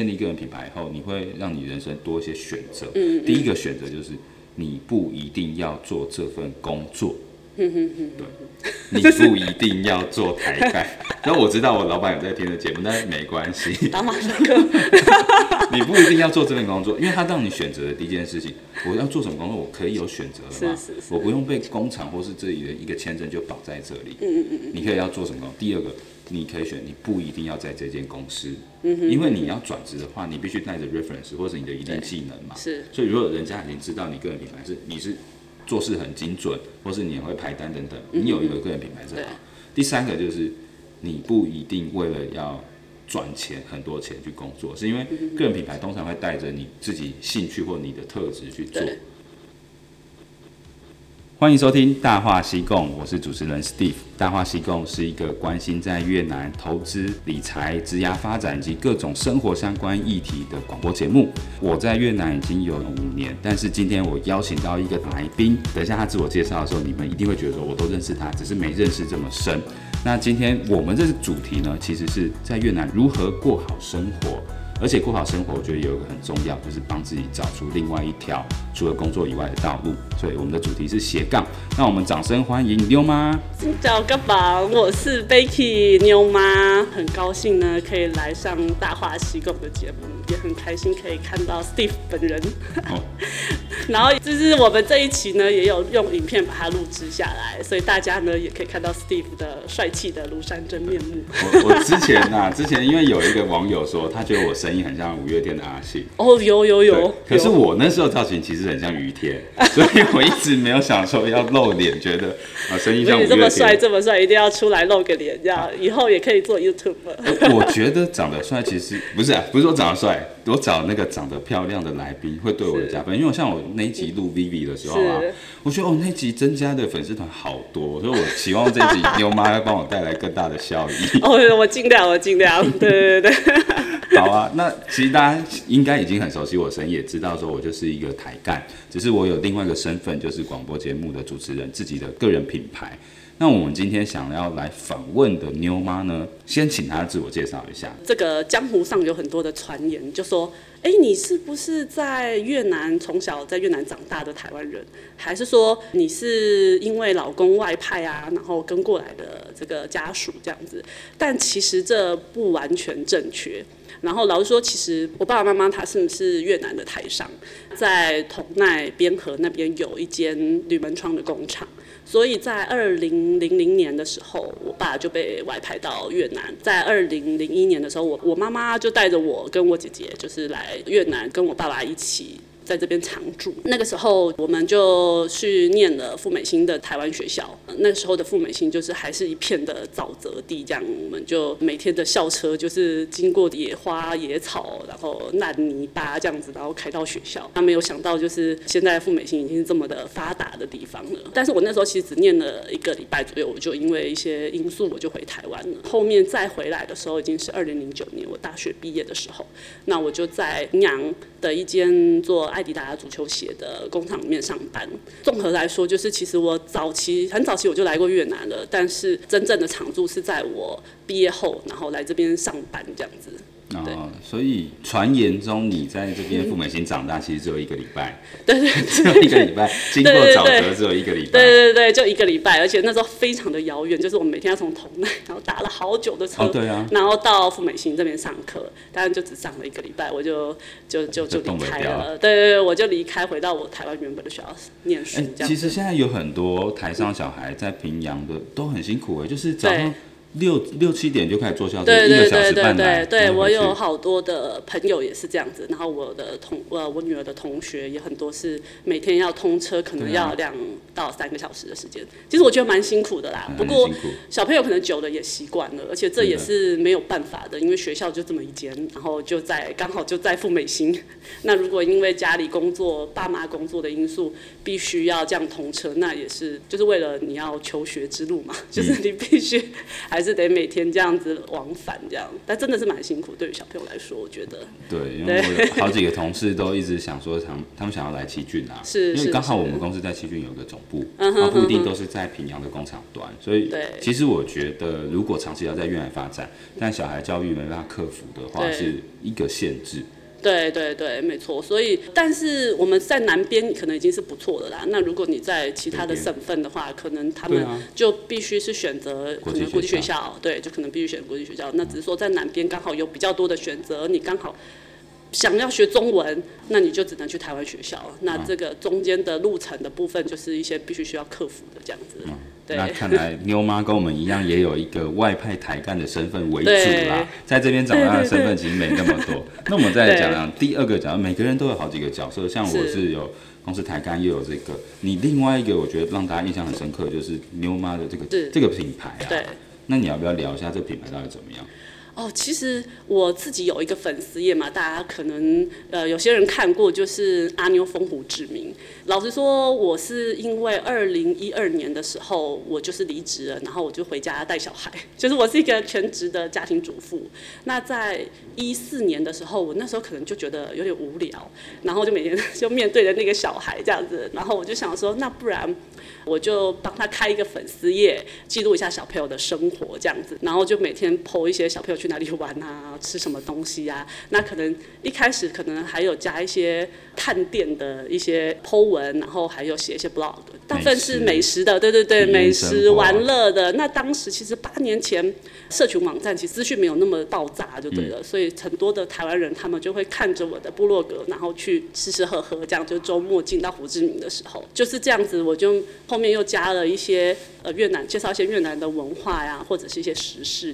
建立個人品牌以後，你會讓你人生多一些選擇。嗯嗯，第一個選擇就是你不一定要做這份工作。嗯嗯嗯，對，你不一定要做台幹。 那我知道我老闆有在聽的節目，但是沒關係。 你不一定要做這份工作，因為他讓你選擇的第一件事情，我要做什麼工作，我可以有選擇的嗎？是是是，我不用被工廠或是這裡的一個簽證就綁在這裡。嗯嗯嗯，你可以要做什麼工作？第二個。你可以選，你不一定要在這間公司，嗯、哼因為你要轉職的話，你必須帶着 reference 或是你的一定技能嘛。是，所以如果人家已經知道你個人品牌是你是做事很精準，或是你也會排單等等，你有一個個人品牌是好。嗯、第三個就是你不一定為了要賺錢很多錢去工作，是因為個人品牌通常會帶着你自己興趣或你的特質去做。歡迎收聽《大話西貢》，我是主持人 Steve。《大話西貢》是一個關心在越南投資、理財、職業發展以及各種生活相關議題的廣播節目。我在越南已經有五年，但是今天我邀請到一個來賓，等一下他自我介紹的時候，你們一定會覺得說我都認識他，只是沒認識這麼深。那今天我們這個主題呢，其實是在越南如何過好生活。而且過好生活，我覺得也有一個很重要，就是幫自己找出另外一條除了工作以外的道路。所以我們的主題是斜槓。那我們掌聲歡迎妞媽。找個房，我是 Becky 妞媽，很高興呢可以來上大話西貢的節目，也很開心可以看到 Steve 本人。哦。 然後就是我們這一期呢，也有用影片把它錄製下來，所以大家呢也可以看到 Steve 的帥氣的廬山真面目。我我之前啊， 之前因為有一個網友說，他覺得我生。聲音很像五月天的阿信哦，有有有。可是我那時候造型其實很像雨天，所以我一直沒有想說要露臉，覺得啊，聲音像五月天。你這麼帥，這麼帥，一定要出來露個臉，這樣以後也可以做 YouTuber。我覺得長得帥其實不是啊，不是說長得帥，我找那個長得漂亮的來賓會對我的加分，因為我像我那集錄 Vivi 的時候啊，我覺得哦，那集增加的粉絲團好多，所以我希望這集妞媽要幫我帶來更大的效益。哦，我盡量，我盡量。對對對對。好 啊，那其實大家應該已經很熟悉我身，也知道說我就是一個台幹，只是我有另外一個身份，就是廣播節目的主持人，自己的個人品牌。那我們今天想要來訪問的妞媽呢，先請她自我介紹一下。這個江湖上有很多的傳言，就說，哎、欸，你是不是在越南從小在越南長大的台灣人？還是說你是因為老公外派啊，然後跟過來的這個家屬這樣子？但其實這不完全正確。然後老實說，其實我爸爸媽媽他是不是越南的台商，在同奈邊河那邊有一間鋁門窗的工廠，所以在二零零零年的時候，我爸就被外派到越南。在二零零一年的時候我，我我媽媽就帶着我跟我姐姐，就是來越南跟我爸爸一起。在這邊常住，那個時候我們就去念了富美興的台灣學校。那時候的富美興就是還是一片的沼澤地，這樣我們就每天的校車就是經過野花野草，然後爛泥巴這樣子，然後開到學校。那沒有想到就是現在富美興已經這麼的發達的地方了。但是我那時候其實只念了一個禮拜左右，我就因為一些因素我就回台灣了。後面再回來的時候已經是二零零九年，我大學畢業的時候，那我就在平陽的一間做。迪達足球鞋的工廠裡面上班。綜合來說，就是其實我早期很早期我就來過越南了，但是真正的常駐是在我畢業後，然後來這邊上班這樣子。對哦、所以傳言中你在這邊富美興長大，其實只有一個禮拜，對對、嗯，只有一個禮拜，對對對，經過沼澤只有一個禮拜對對對，對對對，就一個禮拜，而且那時候非常的遙遠，就是我們每天要從同奈，然後打了好久的車，哦、對啊，然後到富美興這邊上課，當然就只上了一個禮拜，我就就就就離開了，了對對對，我就離開，回到我台灣原本的學校念書。欸、其實現在有很多台商小孩在平陽的、嗯、都很辛苦哎、欸，就是早上。六六七點就開始坐校車，對，對對對對對，我有好多的朋友也是這樣子，然後我的同呃我女兒的同學也很多是每天要通車，可能要兩到三個小時的時間。對啊，其實我覺得蠻辛苦的啦，嗯、不過小朋友可能久了也習慣了，而且這也是沒有辦法的，因為學校就這麼一間，然後就在剛好就在富美興，那如果因為家裡工作，爸媽工作的因素，必須要這樣通車，那也是就是為了你要求學之路嘛，就是你必須、嗯、還還是得每天這樣子往返，這樣，但真的是蠻辛苦，對於小朋友來說，我覺得。對，因為我好幾個同事都一直想說，想他們想要來七郡啊， 是，因為剛好我們公司在七郡有個總部，它、啊、不一定都是在平陽的工廠端，所以，其實我覺得如果長期要在越南發展，對但小孩教育沒辦法克服的話，對是一個限制。對對對，沒錯。所以，但是我們在南邊可能已經是不錯的啦。那如果你在其他的省份的話，這邊，可能他們就必須是選擇可能國際學校，對，就可能必須選國際學校。那只是說在南邊剛好有比較多的選擇，你剛好，想要學中文，那你就只能去台灣學校了。那這個中間的路程的部分，就是一些必須需要克服的這樣子。嗯，那看來妞媽 跟我們一樣，也有一個外派台幹的身份為主啦，對對對對在這邊長大的身份其實沒那麼多。對對對對那我們再來講講對 第二個，講每個人都有好幾個角色，像我是有公司台幹又有這個。你另外一個，我覺得讓大家印象很深刻，就是妞媽的這個是 這個品牌啊。對 那你要不要聊一下這個品牌到底怎麼樣？哦，其實我自己有一個粉絲頁嘛，大家可能呃有些人看過，就是阿妞瘋胡志明。老實說，我是因為二零一二年的時候我就是離職了，然後我就回家帶小孩，就是我是一個全職的家庭主婦。那在一四年的時候，我那時候可能就覺得有點無聊，然後就每天就面對着那個小孩這樣子，然後我就想說，那不然。我就幫他開一個粉絲頁，記錄一下小朋友的生活這樣子，然後就每天 po 一些小朋友去哪裡玩啊，吃什麼東西呀、啊。那可能一開始可能還有加一些探店的一些 po 文，然後還有寫一些 blog。大部分是美食的，對對對，美食玩樂的。那當時其實八年前，社群網站其實資訊沒有那麼爆炸，就對了。嗯、所以很多的台灣人，他們就會看着我的部落格，然後去吃吃喝喝，這樣就周末進到胡志明的時候，就是這樣子。我就後面又加了一些呃越南，介紹一些越南的文化呀，或者是一些時事。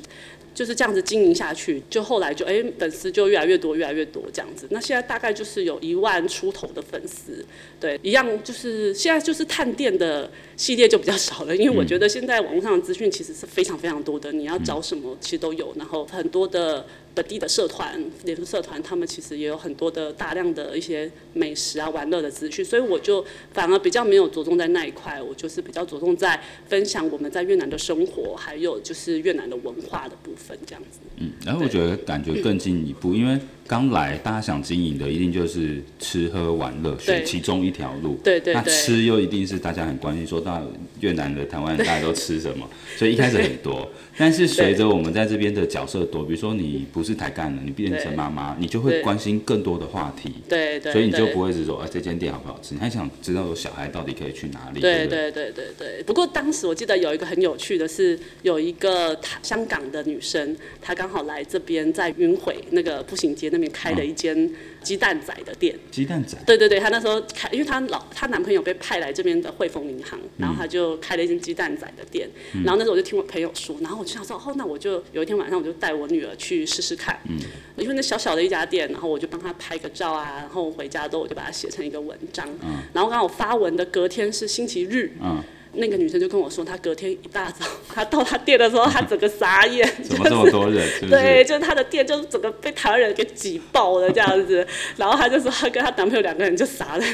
就是這樣子經營下去，就後來就哎、欸、粉絲就越來越多，越來越多這樣子。那現在大概就是有一萬出頭的粉絲，對，一樣就是現在就是探店的系列就比較少了，因為我覺得現在網絡上的資訊其實是非常非常多的，你要找什麼其實都有，然後很多的。本地的社團、聯豐社團，他們其實也有很多的大量的一些美食啊、玩樂的資訊，所以我就反而比較沒有着重在那一塊，我就是比較着重在分享我們在越南的生活，還有就是越南的文化的部分這樣子。嗯，然後我覺得感覺更進一步，嗯、因為。剛來，大家想經營的一定就是吃喝玩樂，是其中一條路。對對、對。那吃又一定是大家很關心說，說到越南的台灣人，大家都吃什麼？對 所以一開始很多。對 但是隨着我們在這邊的角色多，比如說你不是台幹的，你變成媽媽，對 你就會關心更多的話題。對對、對，所以你就不會是說哎、啊，這間店好不好吃？你還想知道有小孩到底可以去哪裡？對對對對對。不過當時我記得有一個很有趣的是，有一個香港的女生，她剛好來這邊，在云回那個步行街那。那邊開了一間雞蛋仔的店，雞蛋仔，對對對，她那時候開，因為她老她男朋友被派來這邊的匯豐銀行，然後她就開了一間雞蛋仔的店，嗯、然後那時候我就聽我朋友說，然後我就想說，哦，那我就有一天晚上我就帶我女兒去試試看，嗯，因為那小小的一家店，然後我就幫她拍個照啊，然後回家之後，我就把它寫成一個文章，嗯，然後剛好發文的隔天是星期日，嗯。那個女生就跟我說，她隔天一大早，她到她店的時候，她整個傻眼，就是、怎麼這麼多人？是不是？對，就是她的店，就是整個被台灣人給擠爆了這樣子。 然後她就說，她跟她男朋友兩個人就傻在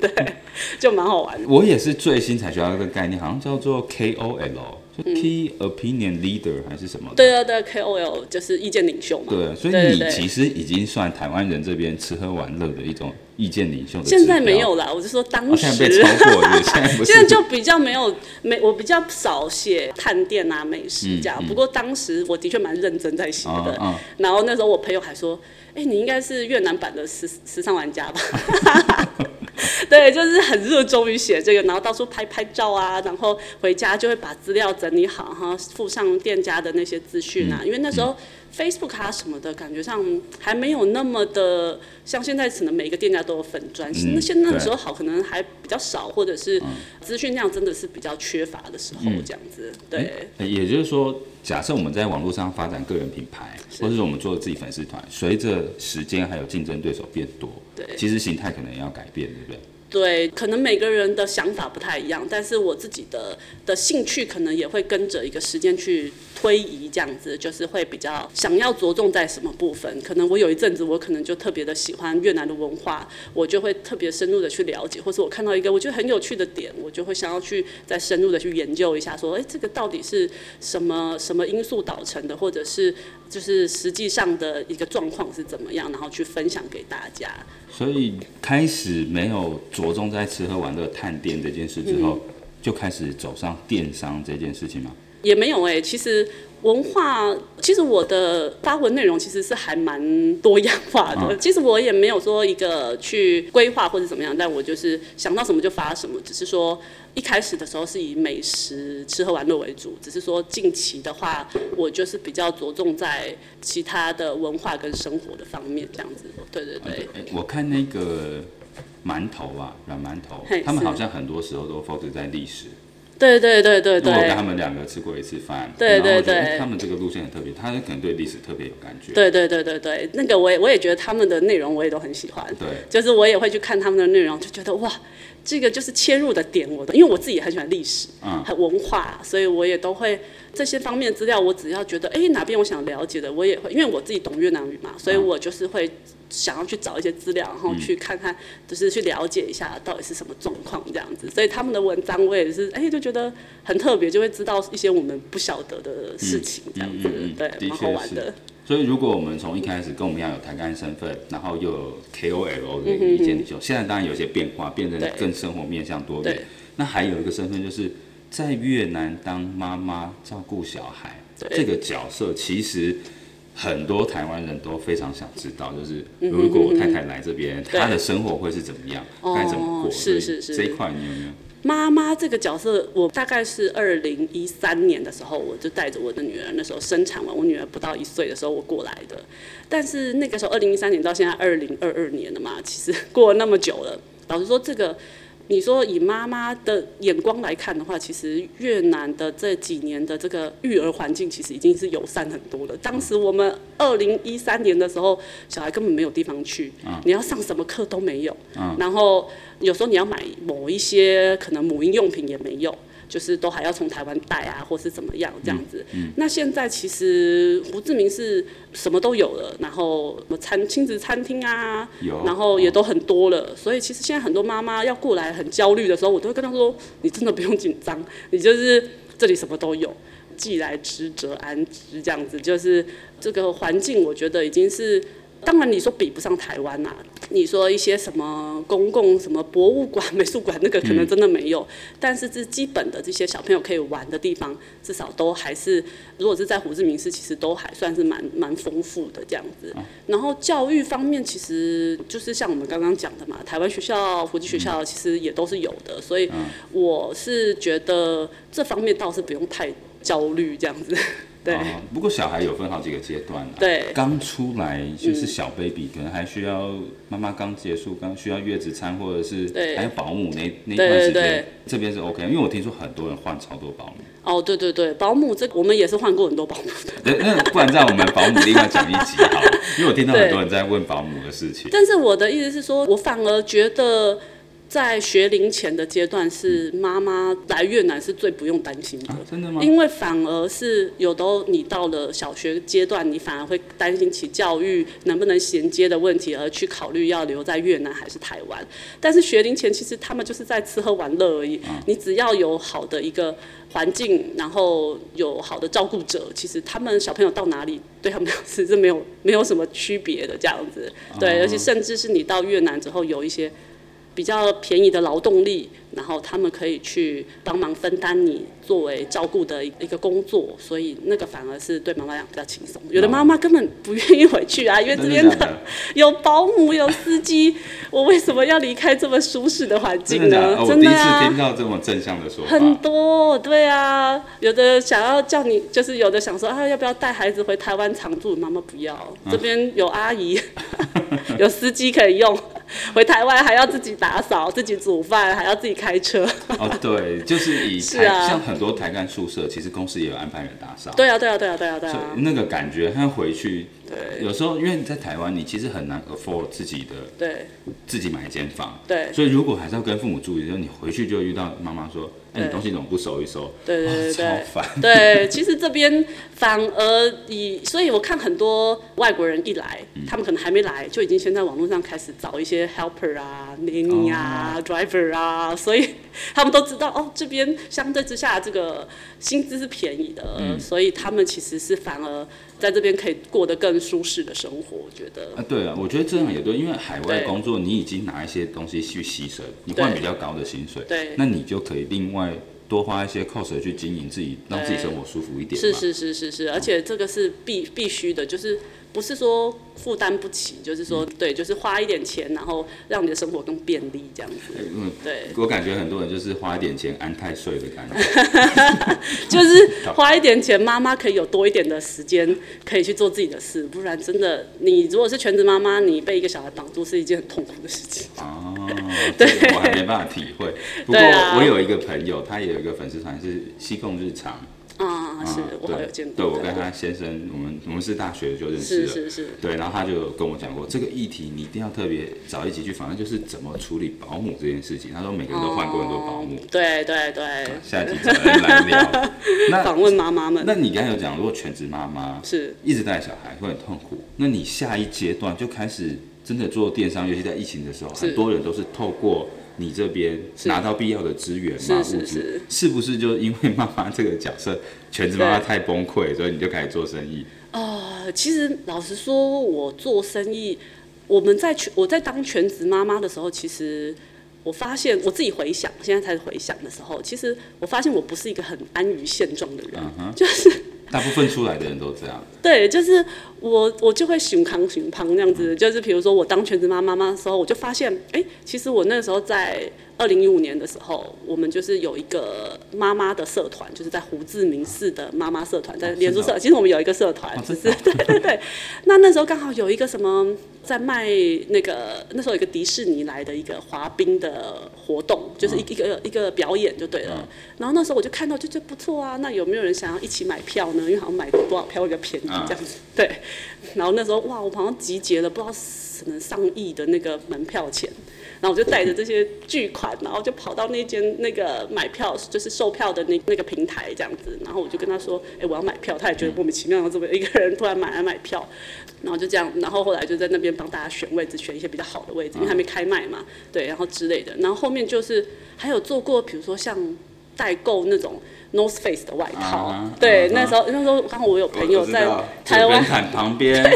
那，對，就蠻好玩的。我也是最新才學到一個概念，好像叫做 K O L，就 Key Opinion Leader、嗯、還是什麼？對啊，對 K O L 就是意見領袖嘛。對，所以你其實已經算台灣人這邊吃喝玩樂的一種。意見領袖的現在沒有了。我就說當時，啊、現在被超過，對，現在不是，現在就比較沒有沒，我比較少寫探店啊、美食這樣。嗯嗯、不過當時我的確蠻認真在寫的。哦、然後那時候我朋友還說：“哎、欸，你應該是越南版的時時尚玩家吧？”對，就是很熱衷於寫這個，然後到處拍拍照啊，然後回家就會把資料整理好，哈，附上店家的那些資訊啊。嗯、因為那時候。嗯 Facebook 啊什麼的感覺上還沒有那麼的。像現在可能每一個店家都有粉專。嗯、現在那現那個時候好，可能還比較少，嗯、或者是資訊量真的是比較缺乏的時候，嗯、這樣子，對、欸，也就是說，假設我們在網絡上發展個人品牌，是或者是我們做自己粉絲團，隨着時間還有競爭對手變多，對，其實形態可能也要改變，對不對？對，可能每個人的想法不太一樣，但是我自己的的興趣可能也會跟着一個時間去推移，這樣子就是會比較想要着重在什麼部分。可能我有一陣子，我可能就特別的喜歡越南的文化，我就會特別深入的去了解，或者我看到一個我覺得很有趣的點，我就會想要去再深入的去研究一下說，說、欸、哎這個到底是什麼什麼因素導成的，或者是就是實際上的一個狀況是怎麼樣，然後去分享給大家。所以開始沒有。着重在吃喝玩樂、探店這件事之後，嗯、就開始走上電商這件事情嗎？也沒有哎、欸，其實文化，其實我的發文內容其實是還蠻多樣化的。啊、其實我也沒有說一個去規劃或者怎麼樣，但我就是想到什麼就發什麼。只是說一開始的時候是以美食、吃喝玩樂為主，只是說近期的話，我就是比較着重在其他的文化跟生活的方面這樣子。對對對、對、欸，我看那個。饅頭啊，軟饅頭，他們好像很多時候都 focus 在歷史。對對對對對。我跟他們兩個吃過一次飯，對對對、對、欸，他們這個路線很特別，他們可能對歷史特別有感覺。對對對對對，那個我也我也覺得他們的內容我也都很喜歡。對，就是我也會去看他們的內容，就覺得哇，這個就是切入的點。我的，因為我自己很喜歡歷史，嗯，很文化，所以我也都會這些方面資料，我只要覺得哎、欸、哪邊我想了解的，我也會，因為我自己懂越南語嘛，所以我就是會。嗯想要去找一些資料，然後去看看，嗯、就是去了解一下到底是什麼狀況這樣子。所以他們的文章我也是，哎、欸，就覺得很特別，就會知道一些我們不曉得的事情，這樣子，嗯嗯嗯嗯、對，嗯嗯、蠻好玩的。的確是。所以如果我們從一開始跟我們一樣有台幹身份，嗯、然後又有 KOL 的意見領袖，、嗯嗯嗯嗯、現在當然有些變化，變成更生活面向多。對對那還有一個身份就是在越南當媽媽照顧小孩對這個角色，其實。很多台灣人都非常想知道，就是如果我太太來這邊，嗯嗯她的生活會是怎麼樣，該對怎麼過？哦、以是是是，這一塊你有沒有？媽媽這個角色，我大概是二零一三年的時候，我就帶着我的女兒，那時候生產完，我女兒不到一歲的時候，我過來的。但是那個時候，二零一三年到現在二零二二年了嘛，其實過了那麼久了，老實說，這個。你說以媽媽的眼光來看的話，其實越南的這幾年的這個育兒環境其實已經是友善很多了。當時我們二零一三年的時候，小孩根本沒有地方去，你要上什麼課都沒有，然後有時候你要買某一些可能母嬰用品也沒有。就是都還要從台灣帶啊，或是怎麼樣這樣子。嗯嗯、那現在其實胡志明是什麼都有了，然後什麼餐親子餐廳啊，有然後也都很多了。哦、所以其實現在很多媽媽要過來很焦慮的時候，我都會跟她說：“你真的不用緊張，你就是這裡什麼都有，既來之則安之這樣子。”就是這個環境，我覺得已經是。當然，你說比不上台灣吶、啊，你說一些什麼公共什麼博物館、美術館那個可能真的沒有，嗯、但是，這基本的這些小朋友可以玩的地方，至少都還是，如果是在胡志明市，其實都還算是蠻蠻豐富的這樣子。啊、然後教育方面，其實就是像我們剛剛講的嘛，台灣學校、國際學校其實也都是有的，所以我是覺得這方面倒是不用太焦慮這樣子。對、哦，不過小孩有分好幾個階段、啊。對，剛出來就是小 baby，、嗯、可能還需要媽媽剛結束，剛需要月子餐，或者是還有保姆那對那一段時間，對對對，這邊是 OK。因為我聽說很多人換超多保姆。哦，對對對，保姆這我們也是換過很多保姆的。那不然在我們保姆另外講一集哈， 因為我聽到很多人在問保姆的事情。但是我的意思是說，我反而覺得。在學齡前的階段，是媽媽來越南是最不用擔心的、啊，真的嗎？因為反而是有時你到了小學階段，你反而會擔心起教育能不能銜接的問題，而去考慮要留在越南還是台灣。但是學齡前其實他們就是在吃喝玩樂而已，啊、你只要有好的一個環境，然後有好的照顧者，其實他們小朋友到哪裡，對他們其實沒有沒有什麼區別的這樣子，啊、對，而且甚至是你到越南之後有一些。比較便宜的勞動力，然後他們可以去幫忙分擔你作為照顧的一個工作，所以那個反而是對媽媽來講比較輕鬆。有的媽媽根本不願意回去啊，因為這邊的有保姆有司機，我為什麼要離開這麼舒適的環境呢？真的啊，我第一次聽到這種正向的說很多，對啊，有的想要叫你，就是有的想說啊，要不要帶孩子回台灣常住？媽媽不要，這邊有阿姨，有司機可以用。回台灣還要自己打掃、自己煮飯，還要自己開車。哦，對，就是以台是、啊、像很多台幹宿舍，其實公司也有安排人打掃。對啊，對啊，對啊，對啊，對啊。那個感覺，他回去，對，有時候因為你在台灣，你其實很難 afford 自己的，對，自己買一間房，對，所以如果還是要跟父母住，就是、你回去就遇到媽媽說。嗯，對欸、東西怎麼不收一收？對對對對，超煩，對，其實這邊反而以，所以我看很多外國人一來，嗯、他們可能還沒來，就已經先在網絡上開始找一些 helper 啊、nanny、嗯、啊、嗯、driver 啊，所以他們都知道哦，這邊相對之下這個薪資是便宜的，嗯、所以他們其實是反而。在這邊可以過得更舒適的生活，我覺得。啊，對啊，我覺得這樣也對，因為海外工作你已經拿一些東西去犧牲，對，你換比較高的薪水，對，那你就可以另外。多花一些 cost 去經營自己，讓自己生活舒服一點。是是是是是，而且這個是必必須的，就是不是說負擔不起，就是說對，就是花一點錢，然後讓你的生活更便利這樣子。對，我感覺很多人就是花一點錢安太歲的感覺， 就是花一點錢，媽媽可以有多一點的時間可以去做自己的事，不然真的，你如果是全職媽媽，你被一個小孩綁住，是一件很痛苦的事情。啊。哦，對我還沒辦法體會。不過我有一個朋友，他也有一個粉絲團是西貢日常。啊，是我有見過。對，我跟他先生，我們我們是大學就認識了。是是對，然後他就跟我講過這個議題，你一定要特別找一集去，反正就是怎麼處理保姆這件事情。他說每個人都換過很多保姆。對對對。下一集再來聊？那訪問媽媽們。那你剛才有講，如果全職媽媽是一直帶小孩會很痛苦，那你下一階段就開始。真的做電商，尤其在疫情的時候，很多人都是透過你這邊拿到必要的資源嘛。是，物是是是，是不是就因為媽媽這個角色，全職媽媽太崩潰，對所以你就開始做生意？哦、呃，其實老實說，我做生意，我們在全我在當全職媽媽的時候，其實我發現我自己回想，現在才回想的時候，其實我發現我不是一個很安於現狀的人，uh huh、就是大部分出來的人都這樣。 對，就是。我我就會尋空尋縫，那樣子，就是比如說我當全職媽媽媽的時候，我就發現，哎，其實我那時候在二零一五年的時候，我們就是有一個媽媽的社團，就是在胡志明市的媽媽社團，在連珠社。其實我們有一個社團，只、啊、是對對對。那那時候剛好有一個什麼在賣那個，那時候有一個迪士尼來的一個滑冰的活動，就是一個、啊、一個表演就對了。啊、然後那時候我就看到，就覺得不錯啊。那有沒有人想要一起買票呢？因為好像買多少票比較便宜這樣子，啊、對。然後那時候哇，我好像集結了不知道什麼上億的那個門票錢，然後我就帶着這些巨款，然後就跑到那間那個買票，就是售票的那那個平台這樣子，然後我就跟他說，哎，我要買票，他也覺得莫名其妙，這麼一個人突然買來買票，然後就這樣，然後後來就在那邊幫大家選位置，選一些比較好的位置，因為還沒開賣嘛，對，然後之類的，然後後面就是還有做過，比如說像代購那種。North Face 的外套，對，那時候那時候剛好我有朋友在台灣毯旁邊，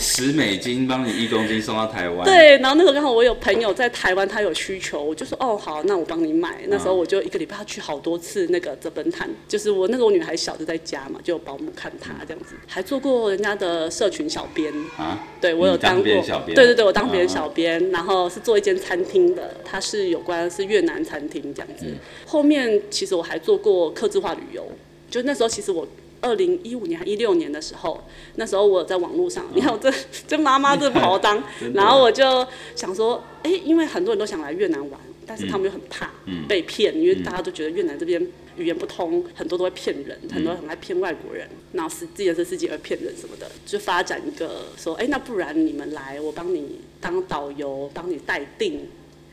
十美金幫你一公斤送到台灣。對，然後那時候剛好我有朋友在台灣，他有需求，我就說哦好，那我幫你買。那時候我就一個禮拜要去好多次那個折本坦，就是我那時候我女孩小就在家嘛，就有保姆看她這樣子，還做過人家的社群小編啊，對我有當過，對對對，我當別人小編，然後是做一間餐廳的，它是有關是越南餐廳這樣子。後面其實我還做過客制化旅遊，就那時候其實我二零一五年還一六年的時候，那時候我在網絡上，嗯、你看我這就媽媽這媽媽這跑好當，然後我就想說，哎、欸，因為很多人都想來越南玩，但是他們又很怕被騙，嗯、因為大家都覺得越南這邊語言不通，嗯、很多都會騙人，嗯、很多人很愛騙外國人，然後是自言自語而騙人什麼的，就發展一個說，哎、欸，那不然你們來，我幫你當導遊，幫你代訂。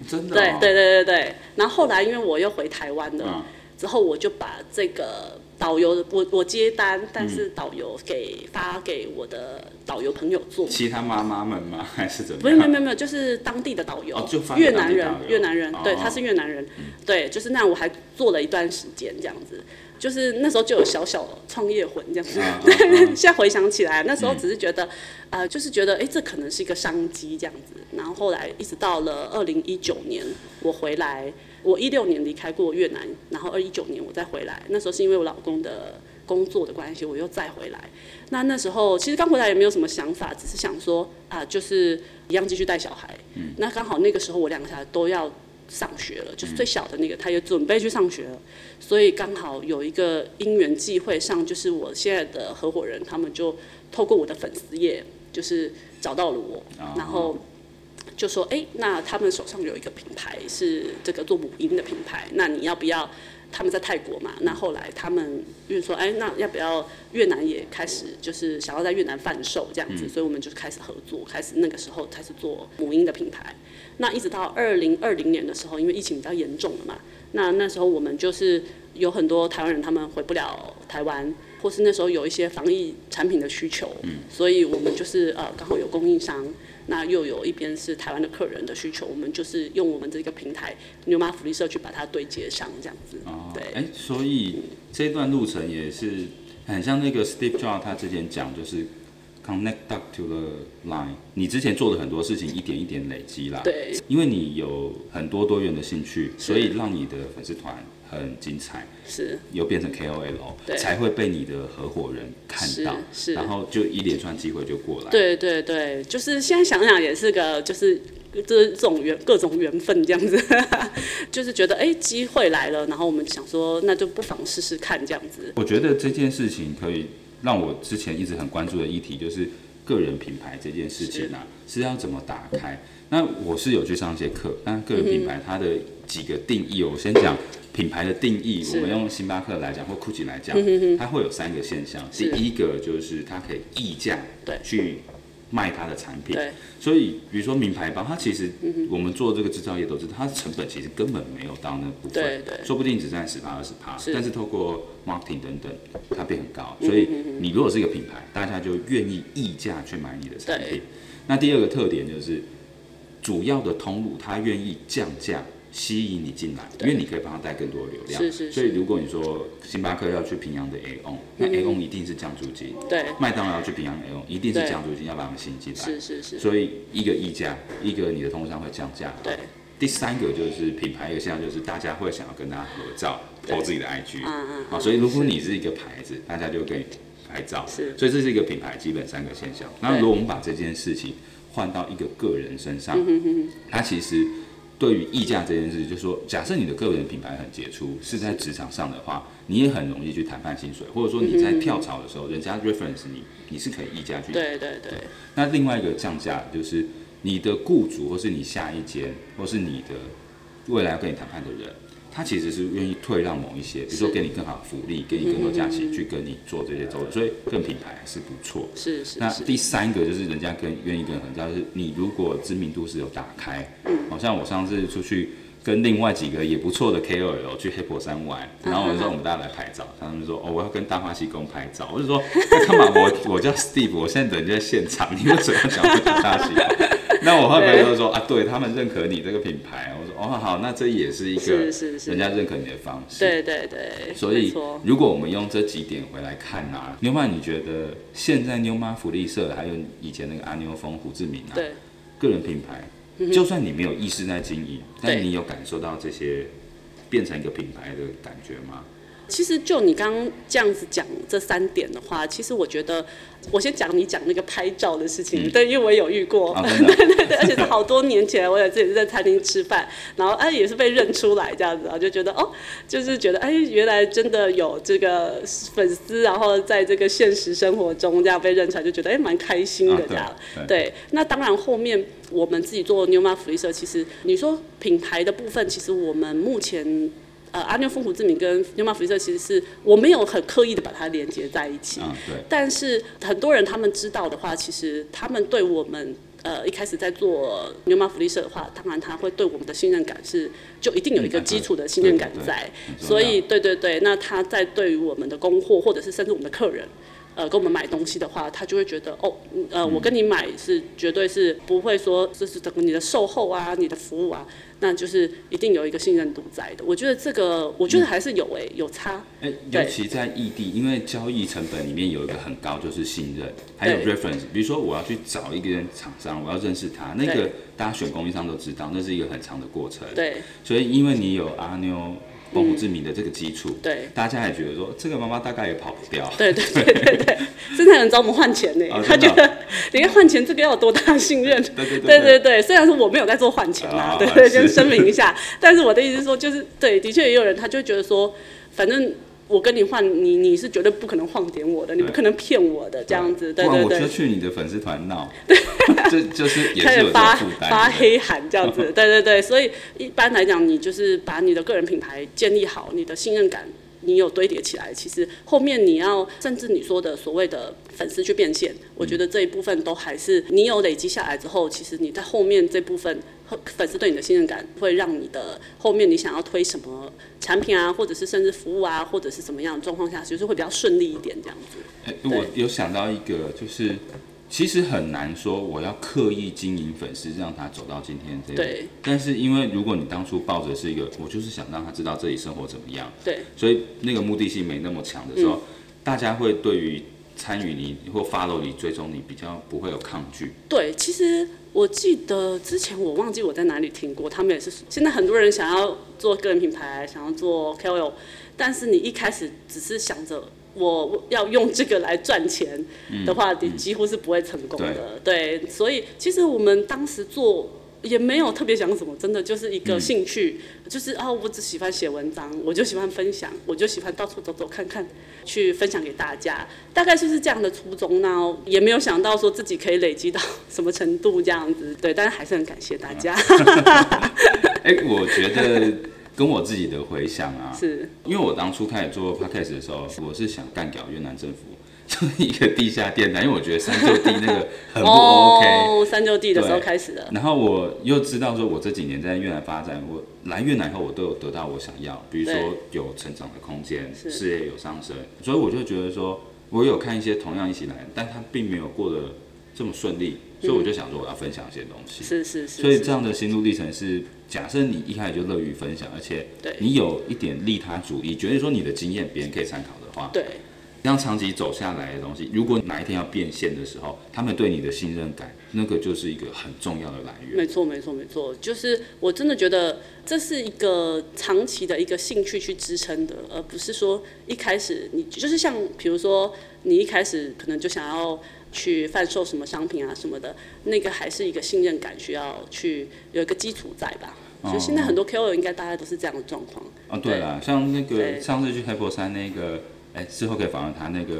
真的、哦，對對對對對，然後後來因為我又回台灣了。嗯啊之後我就把這個導遊，我我接單，但是導遊給發給我的導遊朋友做。其他媽媽們嘛，還是怎麼樣？沒有沒有沒有，就是當地的導遊，哦、導遊越南人，越南人，對，他是越南人，嗯、對，就是那我還做了一段時間這樣子。就是那時候就有小小創業魂這樣子， 現在回想起來，那時候只是覺得，啊、嗯呃，就是覺得，哎、欸，這可能是一個商機這樣子。然後後來一直到了二零一九年，我回來，我一六年離開過越南，然後二一九年我再回來，那時候是因為我老公的工作的關係，我又再回來。那那時候其實剛回來也沒有什麼想法，只是想說啊、呃，就是一樣繼續帶小孩。嗯、那剛好那個時候我兩個小孩都要。上學了，就是最小的那個，他也準備去上學了，所以剛好有一個因緣際會上，就是我現在的合夥人，他們就透過我的粉絲頁，就是找到了我，然後就說：哎、欸，那他們手上有一個品牌是這個做母嬰的品牌，那你要不要？他們在泰國嘛，那後來他們又說：“哎、欸，那要不要越南也開始，就是想要在越南販售這樣子？”所以，我們就開始合作，開始那個時候開始做母嬰的品牌。那一直到二零二零年的時候，因為疫情比較嚴重了嘛，那那時候我們就是有很多台灣人他們回不了台灣，或是那時候有一些防疫產品的需求，所以我們就是呃剛好有供應商。那又有一邊是台灣的客人的需求，我們就是用我們這個平台妞媽福利社去把它對接上，這樣子。哦，對，哎、欸，所以這段路程也是很像那個 Steve Jobs 他之前講，就是 connect up to the line。你之前做的很多事情，一點一點累積啦。對，因為你有很多多元的興趣，所以讓你的粉絲團。很精彩，是又變成 K O L，對才會被你的合夥人看到，是，是然後就一連串機會就過來。對對對，就是現在想想也是個，就是這種緣各種緣分這樣子， 就是覺得哎、欸、機會來了，然後我們想說那就不妨試試看這樣子。我覺得這件事情可以讓我之前一直很關注的議題，就是個人品牌這件事情呢、啊，是，是要怎麼打開？嗯、那我是有去上一些課，那個人品牌它的、嗯。幾個定義、哦，我先講品牌的定義。是我們用星巴克來講，或 Gucci 來講，嗯、哼哼它會有三個現象。是第一個就是它可以溢價去賣它的產品，對所以比如說名牌包，它其實我們做這個制造業都知道，它的成本其實根本沒有到那部分，對對，說不定只占十八、二十趴，但是透過 marketing 等等，它變很高。所以你如果是一個品牌，大家就願意溢價去買你的產品。對那第二個特點就是主要的通路，它願意降價。吸引你進來，因為你可以幫他帶更多的流量。是是是。所以如果你說星巴克要去平陽的 AON，那 AON 一定是降租金。對。麥當勞要去平陽 AON，一定是降租金，要把他們吸引進來。是是是。所以一個溢價，一個你的通常會降價。對。第三個就是品牌，一個現象就是大家會想要跟他合照，投自己的 IG。嗯嗯。好，所以如果你是一個牌子，大家就可以拍照。是。所以這是一個品牌基本三個現象。那如果我們把這件事情換到一個個人身上，他其實。對於溢價這件事，就是、說假設你的個人品牌很傑出，是在職場上的話，你也很容易去談判薪水，或者說你在跳槽的時候，嗯、人家 reference 你，你是可以溢價去。對對對，對。那另外一個降價就是你的雇主，或是你下一間，或是你的未來要跟你談判的人。他其實是願意退讓某一些，比如說給你更好的福利，是給你更多假期，嗯嗯嗯去跟你做這些走，所以跟品牌還是不錯。是，是，是。是。那第三個就是人家跟願意跟人家，就是你如果知名度是有打開，嗯，好、哦、像我上次出去跟另外幾個也不錯的 KOL 去黑婆山玩，嗯、然後我就說我們大家來拍照，嗯、他們就說，哦，我要跟大話西貢拍照，我就說幹、啊、嘛我我叫 Steve，我現在等人在現場，你為什麼講會很大氣？ 那我後來就說對啊，對他們認可你這個品牌。哦，好，那這也是一個人家認可你的方式。對對對，對對，所以錯如果我們用這幾點回來看啊，妞媽你覺得現在妞媽福利社還有以前那個阿妞瘋胡志明啊，對個人品牌，就算你沒有意識在經營，嗯、哼但你有感受到這些變成一個品牌的感覺嗎？其實就你剛剛這樣子講這三點的話，其實我覺得，我先講你講那個拍照的事情，嗯、對，因為我有遇過，啊、 對對對，而且是好多年前， 我有自己是在餐廳吃飯，然後哎也是被認出來這樣子啊，就覺得哦，就是覺得哎原來真的有這個粉絲，然後在這個現實生活中這樣被認出來，就覺得哎蠻開心的這樣，啊、對，對，對。那當然後面我們自己做妞媽福利社，其實你說品牌的部分，其實我們目前。呃，阿妞瘋胡志明跟妞媽福利社其實是我沒有很刻意的把它連接在一起，嗯、但是很多人他們知道的話，其實他們對我們呃一開始在做妞媽福利社的話，當然他會對我們的信任感是就一定有一個基礎的信任感在，所以對對對，那他在對於我們的供貨或者是甚至我們的客人。呃，跟我們買東西的話，他就會覺得哦，呃，我跟你買是絕對是不會說這是等你的售後啊，你的服務啊，那就是一定有一個信任度在的。我覺得這個，我覺得還是有誒、欸，嗯、有差。誒、欸，尤其在異地，對因為交易成本裡面有一個很高，就是信任，還有 reference 對。比如說我要去找一個廠商，我要認識他，那個大家選供應商都知道，那是一個很長的過程。對，所以因為你有阿妞，保護之名的這個基礎、嗯，對大家也覺得說，這個媽媽大概也跑不掉。對對對對對，真的有人找我們換錢呢，哦、他覺得的你於換錢，這個要有多大信任？對對對，對，對，對，對，雖然是我沒有在做換錢吶、啊，哦、對對，先聲明一下。是是，但是我的意思是說，就是對，的確也有人，他就覺得說，反正。我跟你換，你你是絕對不可能晃點我的，對你不可能騙我的這樣子，對，對對對。不然我就去你的粉絲團鬧，對 就，就就是也是開始發對對對發黑函這樣子，呵呵對對對。所以一般來講，你就是把你的個人品牌建立好，呵呵你的信任感你有堆疊起來，其實後面你要甚至你說的所謂的粉絲去變現，嗯、我覺得這一部分都還是你有累積下來之後，其實你在後面這部分。粉絲對你的信任感會讓你的後面你想要推什麼產品啊，或者是甚至服務啊，或者是怎麼樣的狀況下，其實會比較順利一點這樣子。欸，我有想到一個，就是其實很難說我要刻意經營粉絲，讓他走到今天這樣。對。但是因為如果你當初抱着是一個，我就是想讓他知道這裡生活怎麼樣。對。所以那個目的性沒那麼強的時候，嗯，大家會對於參與你或 follow 你、追蹤你比較不會有抗拒。對，其實。我記得之前我忘記我在哪裡聽過，他們也是，現在很多人想要做個人品牌，想要做 KOL，但是你一開始只是想着我要用這個來賺錢的話，嗯，嗯，你幾乎是不會成功的。對。對，所以其實我們當時做。也沒有特別想什麼，真的就是一個興趣，嗯、就是哦、啊，我只喜歡寫文章，我就喜歡分享，我就喜歡到處走走看看，去分享給大家，大概就是這樣的初衷、啊。呢也沒有想到說自己可以累積到什麼程度這樣子，對，但是還是很感謝大家。欸我覺得跟我自己的回想啊，是因為我當初開始做 Podcast 的時候，我是想幹掉越南政府。就是 一個地下電台，因為我覺得三舅弟那個很不 OK、 哦。三舅弟的時候開始的。然後我又知道說，我這幾年在越南發展，我來越南以後，我都有得到我想要，比如說有成長的空間，對事業有上升。是所以我就覺得說，我有看一些同樣一起來，但他並沒有過得這麼順利，所以我就想說，我要分享一些東西。是是是。所以這樣的心路歷程是，假設你一開始就樂於分享，而且對你有一點利他主義，覺得說你的經驗別人可以參考的話。對。這樣長期走下來的東西，如果哪一天要變現的時候，他們對你的信任感，那個就是一個很重要的來源。沒錯，沒錯，沒錯，就是我真的覺得這是一個長期的一個興趣去支撐的，而不是說一開始你就是像比如說你一開始可能就想要去販售什麼商品啊什麼的，那個還是一個信任感需要去有一個基礎在吧？哦、所以現在很多 KOL 應該大家都是這樣的狀況。哦、對啊，對了，像那個上次去開北山那個。哎，之後可以訪問他那個《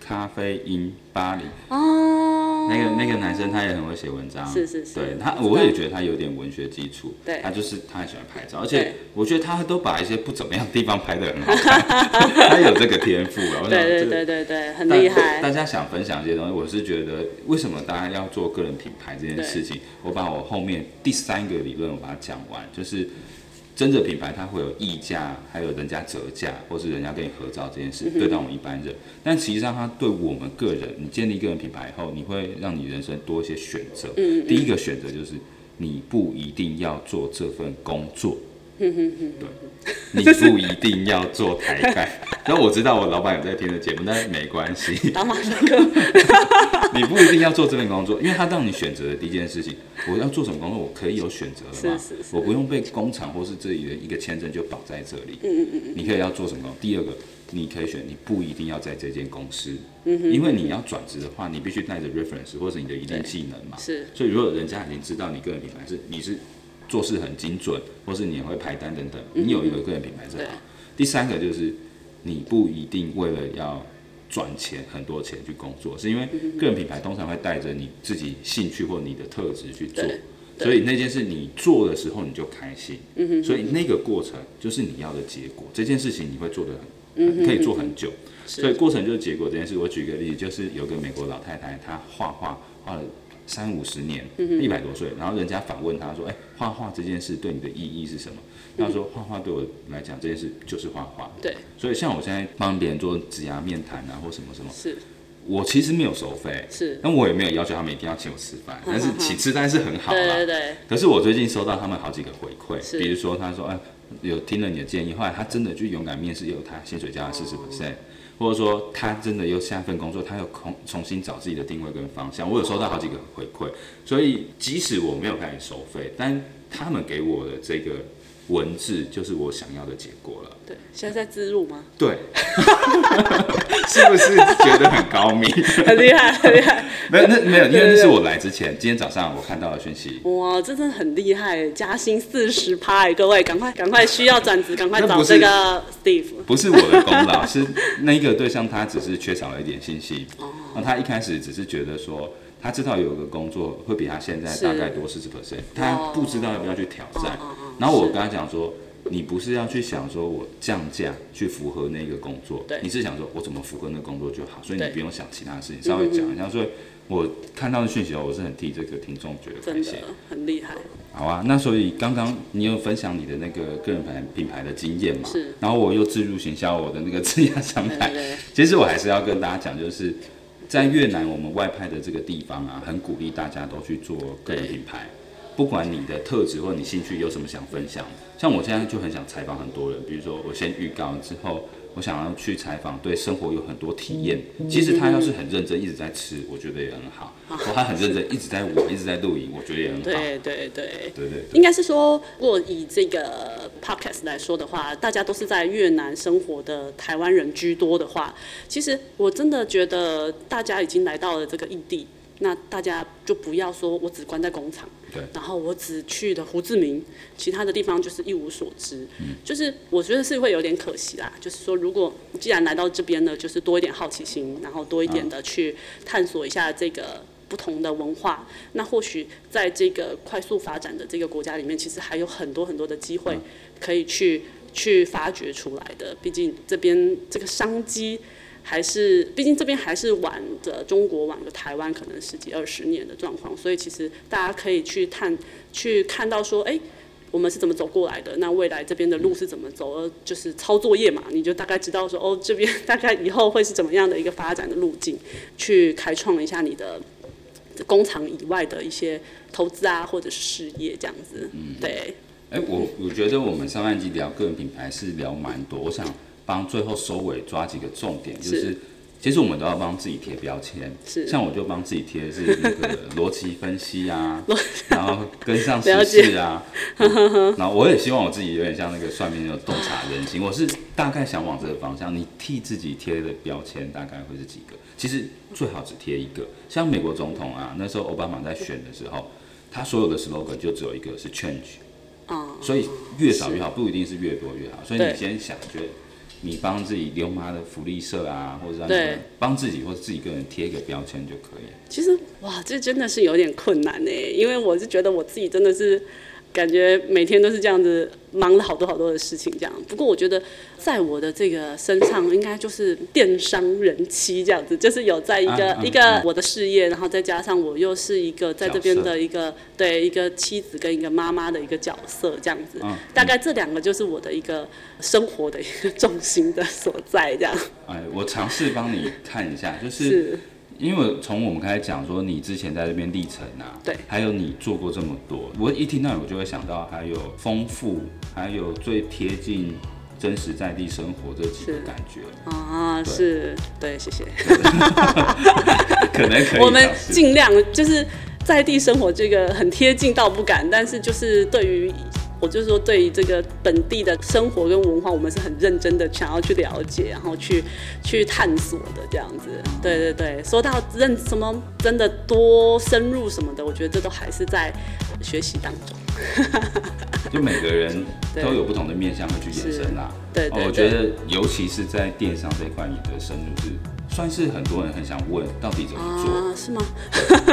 咖啡因巴黎》哦，那個那個男生他也很會寫文章，是是是，對，他我也覺得他有點文學基礎，對，他就是他很喜歡拍照，對而且我覺得他都把一些不怎麼樣的地方拍得很好看，對 他有這個天賦了，對 對對對對，很厲害。大家想分享一些東西，我是覺得為什麼大家要做個人品牌這件事情？對我把我後面第三個理論我把它講完，就是。真正的、的品牌，它會有溢價，還有人家折價，或是人家跟你合照這件事，對到我們一般人。嗯、哼但實際上，它對我們個人，你建立個人品牌以後，你會讓你人生多一些選擇。嗯嗯，第一個選擇就是，你不一定要做這份工作。哼哼、嗯、哼，嗯、哼對，你不一定要做台幹那是是 我知道我老闆有在聽的節目， 但是沒關係。 你不一定要做這份工作，因為他讓你選擇的第一件事情，我要做什麼工作，我可以有選擇的嗎？是是是，我不用被工廠或是這裡的一個簽證就綁在這裡。嗯嗯，嗯你可以要做什麼工作？第二個，你可以選，你不一定要在這間公司，嗯、哼因為你要轉職的話，嗯、哼你必須帶着 reference 或是你的一定技能嘛，是。所以如果人家已經知道你個人品牌是你是。做事很精準，或是你也會排單等等，你有一個個人品牌在。嗯、第三個就是，你不一定為了要賺錢很多錢去工作，是因為個人品牌通常會帶着你自己興趣或你的特質去做，所以那件事你做的時候你就開心，了所以那個過程就是你要的結果。嗯、哼這件事情你會做的很，嗯、哼可以做很久，的所以過程就是結果。這件事我舉個例子，就是有個美國老太太，她畫畫畫。三五十年，一百多歲，然後人家反問他說：“哎、欸，畫畫這件事對你的意義是什麼？”他說：“畫畫對我來講，這件事就是畫畫。”對，所以像我現在幫別人做職涯面談啊，或什麼什麼，是，我其實沒有收費，是，那我也沒有要求他們一定要請我吃飯，是但是請吃飯是很好啦。好好對對，對可是我最近收到他們好幾個回饋，是比如說他說：“哎、欸，有聽了你的建議，後來他真的就勇敢面試，有他薪水加了四十%。哦”或者說，他真的又下一份工作，他要重重新找自己的定位跟方向。我有收到好幾個回饋，所以即使我沒有開始收費，但他們給我的這個。文字就是我想要的結果了。對，現在在自入嗎？對， 是不是覺得很高明， 很厲害、很厲害？ 沒有，那沒有，因為那是我來之前，對對對今天早上我看到的訊息。哇，這真的很厲害，加薪四十趴！各位趕快、趕快，需要轉職，趕快找那個 Steve 那不。不是我的功勞，是那一個對象，他只是缺少了一點信心。那 他一開始只是覺得說，他知道有個工作會比他現在大概多四十 p 歲 percent，他不知道要不要去挑戰。 然後我跟他講說，是你不是要去想說我降價去符合那個工作，對你是想說我怎麼符合那個工作就好，所以你不用想其他的事情，對稍微講一下。嗯、哼哼所以，我看到的訊息，我是很替這個聽眾覺得開心，很厲害。好啊，那所以剛剛你有分享你的那個個人牌品牌的經驗嘛？是。然後我又置入行銷我的那個自家商牌。對對對，其實我還是要跟大家講，就是在越南我們外派的這個地方啊，很鼓勵大家都去做個人品牌。不管你的特質或者你興趣有什麼想分享，像我現在就很想採訪很多人。比如說，我先預告之後，我想要去採訪對生活有很多體驗。嗯、其實他要是很認真一直在吃，我覺得也很好。啊、他很認真的一直在玩，一直在露營，我覺得也很好。對對對，對對對對對，應該是說，如果以這個 podcast 來說的話，大家都是在越南生活的台灣人居多的話，其實我真的覺得大家已經來到了這個異地。那大家就不要說我只關在工廠，對，然後我只去的胡志明，其他的地方就是一無所知。嗯，就是我覺得是會有點可惜啦。就是說，如果既然來到這邊呢，就是多一點好奇心，然後多一點的去探索一下這個不同的文化，啊，那或許在這個快速發展的這個國家裡面，其實還有很多很多的機會可以去去發掘出來的。畢竟這邊這個商機。還是，畢竟這邊還是晚的，中國晚的台灣，可能十幾二十年的狀況，所以其實大家可以去探，去看到說，哎、欸，我們是怎麼走過來的？那未來這邊的路是怎麼走？就是抄作業嘛，你就大概知道說，哦，這邊大概以後會是怎麼樣的一個發展的路徑，去開創一下你的工廠以外的一些投資啊，或者是事業這樣子。嗯，對、欸。我我覺得我們上半集聊個人品牌是聊蠻多，我想。幫最後收尾抓幾個重點，是就是其實我們都要幫自己貼標籤，是像我就幫自己貼的是那個邏輯分析啊， 然後跟上時事啊，然後我也希望我自己有點像那個算命那種洞察人心。我是大概想往這個方向，你替自己貼的標籤大概會是幾個？其實最好只貼一個，像美國總統啊，那時候奧巴馬在選的時候，他所有的 slogan 就只有一個是 change，、嗯、所以越少越好，是不一定是越多越好。所以你先想就。你幫自己妞媽的福利社啊，或者讓你幫自己，對或者自己個人貼一個標籤就可以。其實哇，這真的是有點困難呢、欸，因為我是覺得我自己真的是。感覺每天都是這樣子，忙了好多好多的事情，這樣。不過我覺得，在我的這個身上，應該就是電商人妻這樣子，就是有在一個、啊嗯嗯、一個我的事業，然後再加上我又是一個在這邊的一個角色、對一個妻子跟一個媽媽的一個角色這樣子。嗯、大概這兩個就是我的一個生活的一個重心的所在，這樣。哎，我嘗試幫你看一下，就是。是。因為從我們開始講說你之前在這邊歷程啊，對，還有你做過這麼多，我一聽到你我就會想到還有豐富，還有最貼近真實在地生活這幾個感覺啊，是，對，是對，謝謝， 可能可能。我們盡量就是在地生活這個很貼近倒不敢，但是就是對於。我就是說，對於這個本地的生活跟文化，我們是很認真的，想要去了解，然後去去探索的這樣子。嗯、對對對，說到認什麼真的多深入什麼的，我覺得這都還是在學習當中。 就每個人都有不同的面向去延伸啦、啊。對對、對、哦，我覺得尤其是在電商這塊，你的深入是。算是很多人很想問，到底怎麼做啊？是嗎？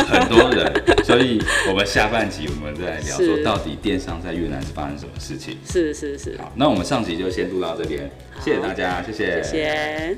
很多人，所以我們下半集我們再來聊說，到底電商在越南是發生什麼事情？是是是。好，那我們上集就先錄到這邊，謝謝大家，謝謝。